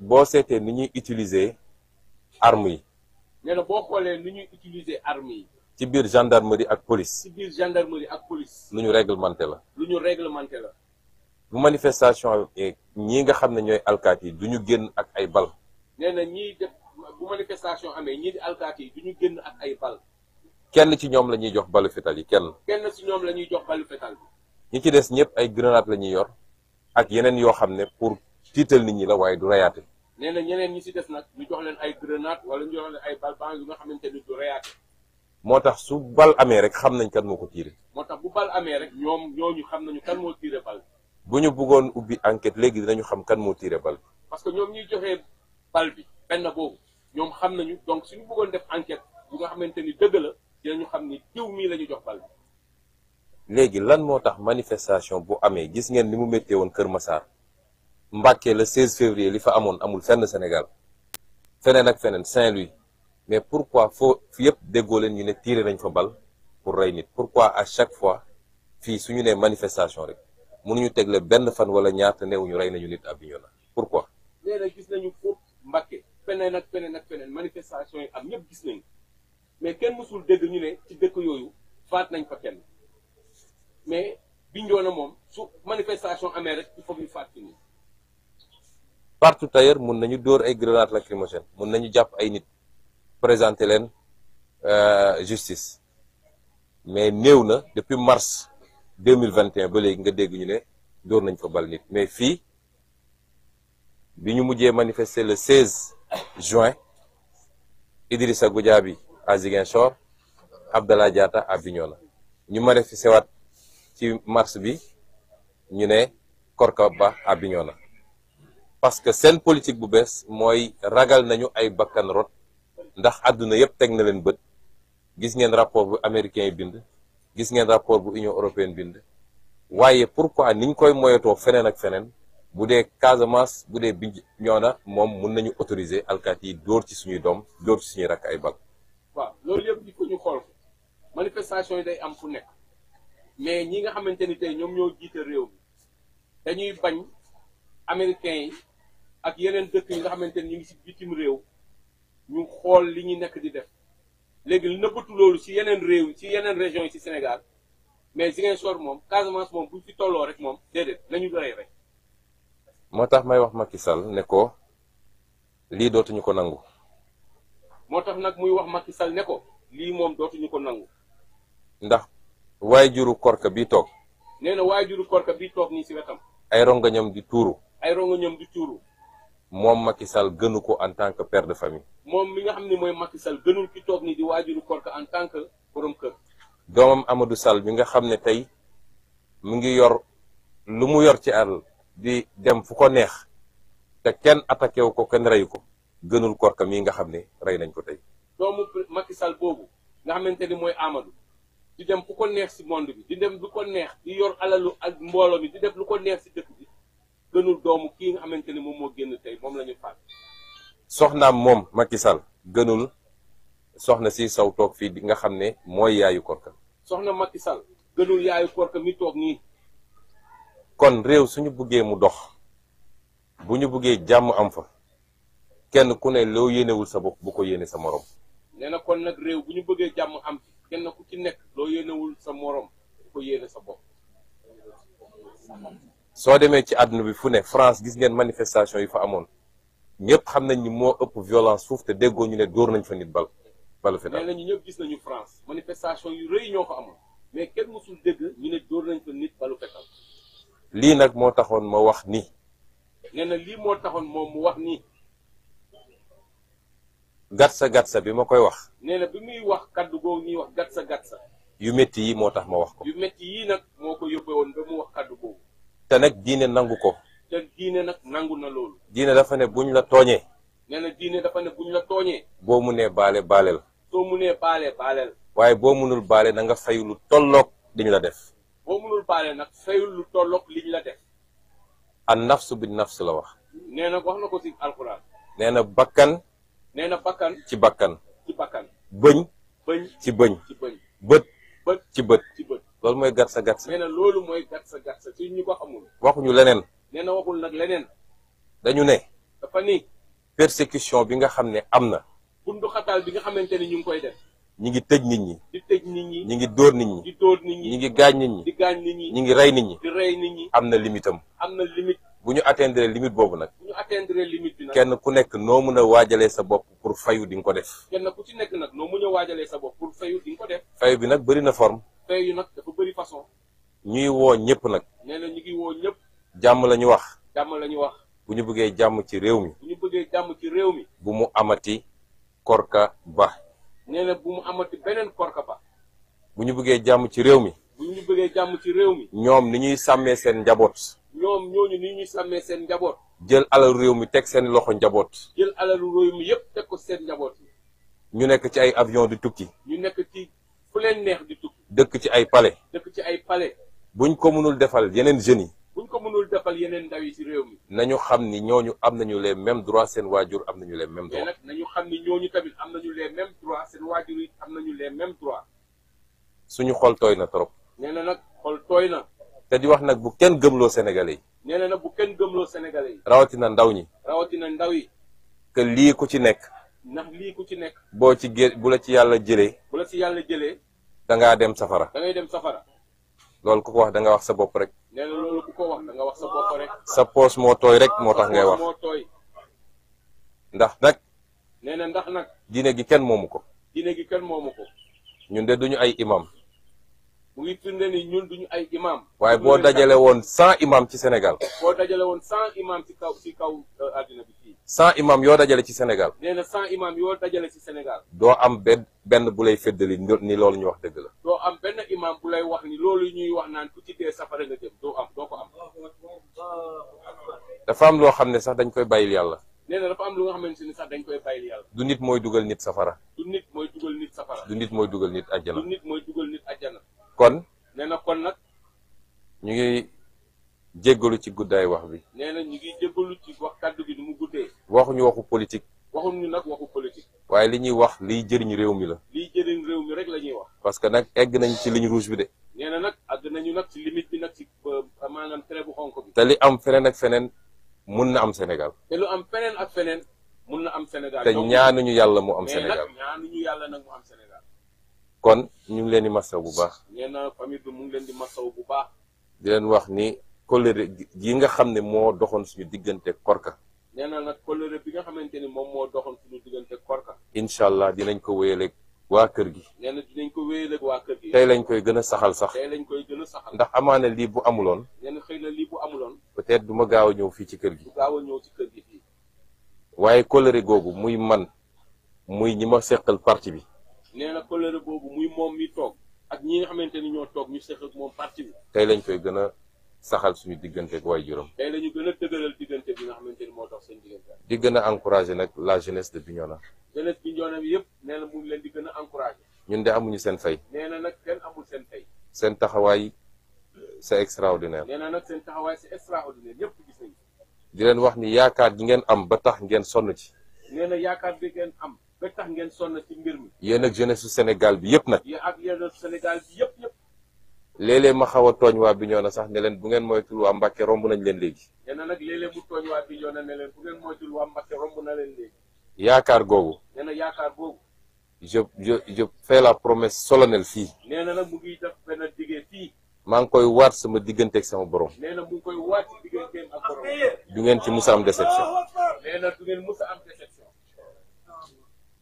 boo seetee ni ñuy utiliser armes yi. nee na boo xoolee ni ñuy utiliser arm yi. ci biir gendarmerie ak police. ci biir gendarmerie ak police. lu ñu réglementé la. lu ñu réglementé la. bu manifestation ñii nga xam ne ñooy alkaati yi du ñu génn ak ay bal. nee na ñiy def bu manifestation amee ñii di alkaat yi du ñu génn ak ay bal. kenn ci ñoom la ñuy jox balu fetal yi kenn. kenn ci ñoom la ñuy jox balu fetal. ñi ci des ñëpp ay grenade la ñuy yor ak yeneen yoo xam ne pour. tiital nit ñi la waaye du reyaate nee na ñeneen ñi si des nag ñu jox leen ay grenade wala ñu jox ay balban yu nga xamante ni du reyaate moo tax su bal amee rek xam nañ kan moo ko tiire moo tax bu bal amee rek ñoom ñooñu xam nañu kan moo bu ñu bëggoon ubbi enquête léegi dinañu xam kan moo tiire bal parce que ñoom ñuy joxee bal bi benn boobu ñoom xam nañu donc suñu bëggoon def enquête bu nga xamante ni dëgg la ñu xam ni jiw mii la ñu jox bal léegi lan moo tax manifestation bu amee gis ngeen ni mu méttee woon Kër Massar Mbàkke la 16 février li fa amoon amul fenn Sénégal feneen ak feneen Saint-Louis mais pourquoi foo yëpp déggoo leen ñu ne tiire nañ fa bal pour rey nit pourquoi à chaque fois fii su ñu nee manifestation rek munu ñu tegle benn fan wala ñaar te neewuñu rey nañu nit Bignona pourquoi. nee na gis nañu foofu Mbàkke feneen ak feneen ak feneen manifestation yi am ñëpp gis nañu mais kenn mësul dégg ñu ne ci dëkk yooyu faat nañ fa kenn mais Bignona moom su manifestation amee partout ailleurs mun nañu dóor ay grenades lacrymogènes mun nañu jàpp ay nit présenté leen euh, justice mais néew na depuis mars deux mille vingt et ba léegi nga dégg ñu ne dóor nañ fa bal nit mais fii bi ñu mujjee manifester le 16 juin Idrissa Goudiaby à Ziguinchor Abdallah Diatta à Bignona ñu manifester waat ci mars bi ñu ne Korka Ba à Bignona parce que seen politique bu bees mooy ragal nañu ay bakkan rot ndax àdduna yëpp teg na leen bët gis ngeen rapport bu américain yi bind gis ngeen rapport bu union européenne bind waaye pourquoi niñ koy moyatoo feneen ak feneen bu dee Casamance bu dee Bignona moom mun nañu autorisé alkaati yi dóor ci suñuy doom dóor ci suñuy rakk ay bal waaw loolu yëpp di ko ñu xool ko manifestation yi day am fu nekk mais ñi nga xamante ni tey ñoom ñoo jiite réew mi dañuy bañ ak yeneen dëkk yi nga xamante ni ñu ngi si bitim réew ñu xool li ñuy nekk di def léegi lu nëbbatu loolu ci yeneen réew ci yeneen région yi si Sénégal mais Ziguinchor moom Casamance moom bu fi tolloo rek moom déedéet nañu doy rek. moo tax may wax Macky sal ne ko lii dootuñu ko nangu. moo tax nag muy wax Macky Sall ne ko lii moom dootuñu ko nangu. ndax waaye juru korka bi toog. nee na waay juru korka bi toog nii ci wetam. ay rongañam di tuuru. ay rongañam di tuuru. moom Macky Sall gënu ko en tant que père de famille. moom mi nga xam ne mooy Macky Sall gënul ki toog ni di waajuru Korka en tant que borom doomam Amadou Sall bi nga xam ne tey mu ngi yor lu mu yor ci àll di dem fu ko neex te kenn attaqué wu ko kenn reyu ko gënul Korka mii nga xam ne rey nañ ko tey. doomu Macky Sall boobu nga xamante ni mooy Amadou di dem fu ko neex si monde bi di dem lu ko neex di yor alalu ak mbooloo mi di def lu ko neex si dëkk gënul doomu kii nga xamante ni moom moo génn tey moom lañu faat soxnaam moom Macky Sall gënul soxna si saw toog fii di nga xam ne mooy yaayu korka soxna Macky Sall gënul yaayu korka mi toog nii kon réew suñu buggee mu dox bu ñu buggee jàmm am fa kenn ku ne loo yéenewul sa bopp bu ko yéene sa morom nee na kon nag réew bu ñu bëggee jàmm am ci kenn ku ci nekk loo yéenewul sa moroom bu ko yéene sa bopp soo demee ci àdduna bi fu ne France gis ngeen manifestation yi fa amoon ñëpp xam nañ ni moo ëpp violence foofu te déggoo ñu ne dóor nañ fa nit bal balu fetal nee nañu gis nañu France manifestation yu rëy ñoo fa amoon mais lii nag moo taxoon ma wax ni nee lii moo taxoon moom mu wax nii gatsa gatsa bi ma koy wax nee na bi muy wax kàddu googu ñuy wax gatsa gatsa yu métti yi moo tax ma wax ko yu métti yii nag moo ko yóbbe woon ba mu wax kaddu googu te nag diine nangu ko. te diine nag nangu na loolu. diine dafa ne buñ la tooñee. nee na ne boo munee baale baaleel. soo munee baale baaleel. waaye boo munul baale na nga fayu lu tolloog liñ la def. boo munul baale nag fayul lu tolloog la def. an nafsu bi nafs la wax. nee na wax na ko ci alxuraan. nee na bakkan. nee na ci bakkan. ci bakkan. bëñ. bëñ ci bëñ. bët. bët. ci bët. loolu mooy gatsa gatsa. nee na loolu mooy gatsa gatsa ci ñi ko xamul. waxuñu leneen. nee waxul nag leneen. dañu ne. dafa ni. persécution bi nga xam ne am na. bundu xataal bi nga xamante ni ñu ngi koy ñi ngi tëj nit ñi. nit ñi. ñi ngi dóor nit ñi. ñi. ñi ngi gaañ nit ñi. ñi. ngi rey nit ñi. di nit ñi. am na limite am. am na limite. bu ñu atteindre limite boobu nag. bu ñu kenn ku nekk noo mën a waajalee sa bopp pour fayu di nga ko def. kenn ku ci nekk nag noo mën a waajalee sa bopp pour fayu di ko def. fayu bi nag bëri na forme. ñuy woo ñëpp nag. nee na ñu ngi woo ñëpp. jàmm la ñu wax. jàmm la wax. bu ñu buggee jàmm ci réew mi. bu ñu bëggee jàmm ci réew mi. bu mu amati korka ba. mu amati beneen korka bu ñu bëggee jàmm ci réew mi. jàmm ci réew mi. ñoom ni ñuy sàmmee seen njaboot. ñoom ñooñu ni ñuy sàmmee seen njaboot. jël alalu réew mi teg seen loxo njaboot. jël alalu réew mi yépp teg ko seen njaboot. ñu nekk ci ay avion di tukki. ñu nekk ci fu leen neex di tukki. dëkk ci ay palais. dëkk ci ay palais. buñ ko mënul defal yeneen jeunes yi. buñ ko mënul defal yeneen ndaw yi ci réew mi. nañu xam ni ñooñu am nañu les mêmes droits seen waajur am nañu les mêmes droits. mais nag xam ni ñooñu tamit am nañu les mêmes droits seen waajur yi am nañu les mêmes droits. suñu xol tooy na trop. nee na nag xol tooy na. te di wax nag bu kenn gëmloo Sénégalais yi. nee nag bu kenn gëmloo Sénégalais yi. rawatina ndaw ñi. rawatina ndaw yi. que lii ku ci nekk. ndax lii ku ci nekk. boo ci gé bu la ci yàlla jëlee. bu yàlla jëlee. da dem safara. da dem safara. loolu ku ko wax da nga wax sa bopp rek. ko wax da sa bopp rek. sa moo tooy rek moo tax ngay wax ndax nag. nee na ndax nag. diine gi kenn moomu ko. diine gi kenn moomu ñun de duñu ay imam. mu ngi ni ñun duñu ay imam waaye boo dajale woon cent imam ci Sénégal boo dajale woon cent imam ci ci kaw euh, àddina bi yoo dajale ci Sénégal nee na cent imam yoo dajale ci Sénégal am benn benn bu lay féddali ni loolu ñu wax dëgg la doo am benn imam bu lay wax ni loolu ñuy wax naan ku ci dee safara nga jëm am loo xam ne sax dañ koy bàyyil yàlla nee na dafa du nit mooy dugal nit safara du nit mooy dugal nit safara du nit mooy dugal nit àjjana kon. nee na kon nag. ñu ngi jéggalu ci guddaay wax bi. nee na ñu ngi jéggalu ci wax kàddu gi ni mu guddee. waxuñu waxu politique. waxuñu nag waxu politique. waaye li ñuy wax liy jëriñ réew mi la. liy jëriñ réew mi rek la ñuy wax. parce que nag egg nañ ci ligne ruus bi de. nee nag àgg nañu nag ci limite bi nag ci euh, bu xonk te li am feneen ak feneen mun na am senegal te lu am feneen ak feneen mun na am Sénégal. te ñaanuñu yàlla mu am Sénégal mais nag yàlla nag mu am Sénégal. kon ñu ngi leen di masaw bu baax. nee na famille mu ngi leen di masaw bu baax. di leen wax ni colère yi nga xam ne moo doxoon suñu diggante korka. nee na nag bi nga xamante ni moom moo doxoon suñu diggante korka. incha allah dinañ ko wéyaleeg waa kër gi. nee ko wéyaleeg waa kër gi. tey lañ koy gën a saxal sax. lañ koy gën a saxal. ndax amaana lii bu amuloon. nee xëy la lii bu amuloon. peut-être du ma gaaw a ñëw fii ci kër gi. du gaaw a ñëw waaye colère googu muy man muy ñi ma seqal parti bi nee na colère boobu muy moom mi toog ak ñi nga xamante ni ñoo toog ñu seq moom parti tey lañ koy gën a saxal suñu diggante ak waay juróom. tey la ñu gën diggante bi nga xamante moo tax seen diggante di gën a nag la jeunesse de Bignona. jeunesse Bignona bi yëpp nee na mu leen di gën a encouragé. ñun de amuñu seen fay. nee na nag kenn amul seen fay. seen taxawaay euh, c'est extraordinaire. nee na nag seen taxawaay c'est extraordinaire ñëpp di leen wax ni yaakaar gi ngeen am ba tax ngeen sonn ci. nee am ba tax ngeen sonn ci mbir mi. yéen ak jeunesse su Sénégal bi yëpp nag. yéen ak jeunesse Sénégal bi yëpp yëpp. léeg ma xaw a tooñ waa Bignona sax ne bu ngeen moytul waa Mbàkke romb na nag léeg leen bu ngeen moytul waa Mbàkke romb na leen léegi. yaakaar googu. nee na yaakaar googu. je je la promesse solennelle fii. nee maa ngi koy waat sama digganteeg sama borom. du ngeen ci musa am déception.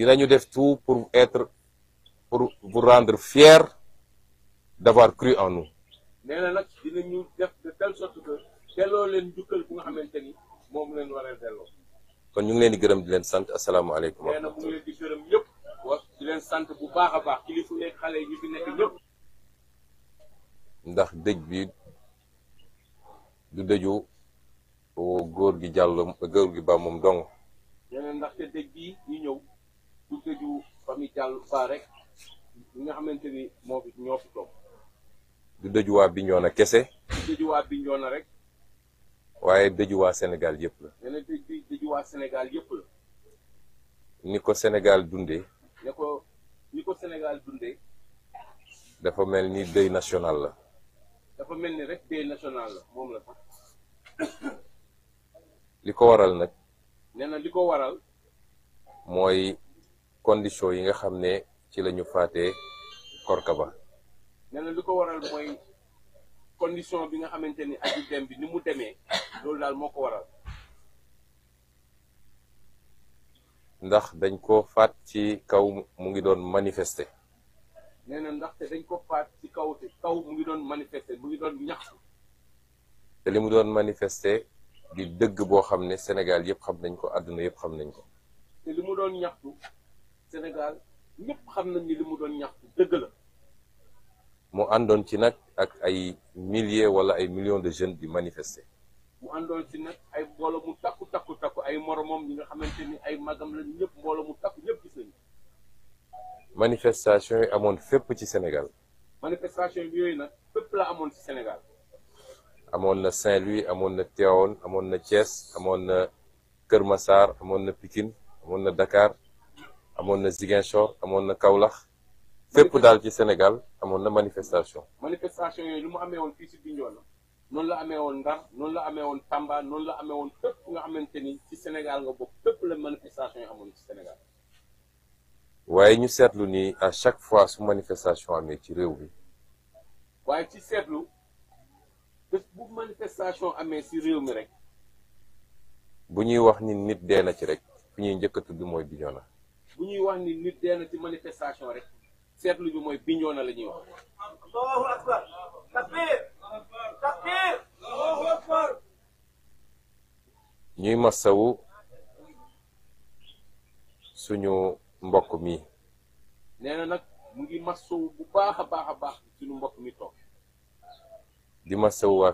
dinañu def tout pour être pour vous rendre fiers d'avoir cru en nous. nee na nag dinañu def de sorte que delloo leen njukkal bu nga xamante ni moom leen war a kon ñu ngi leen di gërëm di leen sant asalaamaaleykum. nee na mu ngi leen di gërëm ñëpp. di leen sant bu baax a baax kilifa yeeg xale yi fi nekk ñëpp. ndax dëj bi du dëju góor gi jàll góor gi ba moom dong. nee na ndaxte dëj bii ñu ñëw. du gëju famille jàll ba rek ñi nga xamante ni moo fi ñoo fi toog du dëju waa Bignona kese du dëju waa Bignona rek waaye dëju waa yëpp la nee na dëj dëju waa Sénégal yëpp la ni ko senegal dundee ne ko ni ko Sénégal dundee dafa mel ni deuil national la dafa mel ni rek deuil national la moom la sax li ko waral nag nee na li ko waral mooy condition yi nga xam ne ci lañu ñu faatee Korkaba. nee li ko waral mooy condition bi nga xamante ni aji dem bi ni mu demee loolu daal moo ko waral. ndax dañ ko faat ci kaw mu ngi doon manifester. nee ndax ndaxte dañ ko faat ci kaw mu ngi doon manifester mu ngi doon ñaxtu. te li mu doon manifester di dëgg boo xam ne Sénégal yëpp xam nañ ko àdduna yëpp xam nañ ko. te li mu doon ñaxtu. Sénégal ñëpp xam nañ ni li mu doon ñaxtu dëgg la. mu àndoon ci nag ak ay milliers wala ay millions de jeunes di manifester. mu àndoon ci nag ay mbooloo mu takku takku takku ay moromam ñi nga xamante ni ay magam la ñëpp mbooloo mu takku ñëpp gis nañu. manifestation yi amoon fépp ci Sénégal. manifestation yooyu nag fépp la amoon ci Sénégal. amoon na Saint-Louis amoon na Tivaouane amoon na Thiès amoon na Kër Massar amoon na Pikine amoon na Dakar. amoon na Ziguinchor amoon na kawlax fépp daal ci Sénégal amoon na manifestation. manifestation yooyu lu mu amee woon fii si Bignona noonu la amee woon Ndar noonu la amee woon Tamba noonu la amee woon fépp nga xamante ni ci Sénégal nga bokk fépp la manifestation yi amoon ci Sénégal. waaye ñu seetlu nii à chaque fois su manifestation amee ci réew mi. waaye ci seetlu manifestation amee si réew mi rek. bu ñuy wax ni nit dee na ci rek fi ñuy njëkk a tudd mooy Bignona. bu ñuy wax ni nit dee na ci manifestation rek seetlu bi mooy Bignona la ñuy wax. allahu akbar takbir ñuy masawu suñu mbokk mi. nee na nag mu ngi masawu bu baax a baax a baax suñu mbokk mi toog. di masawu waa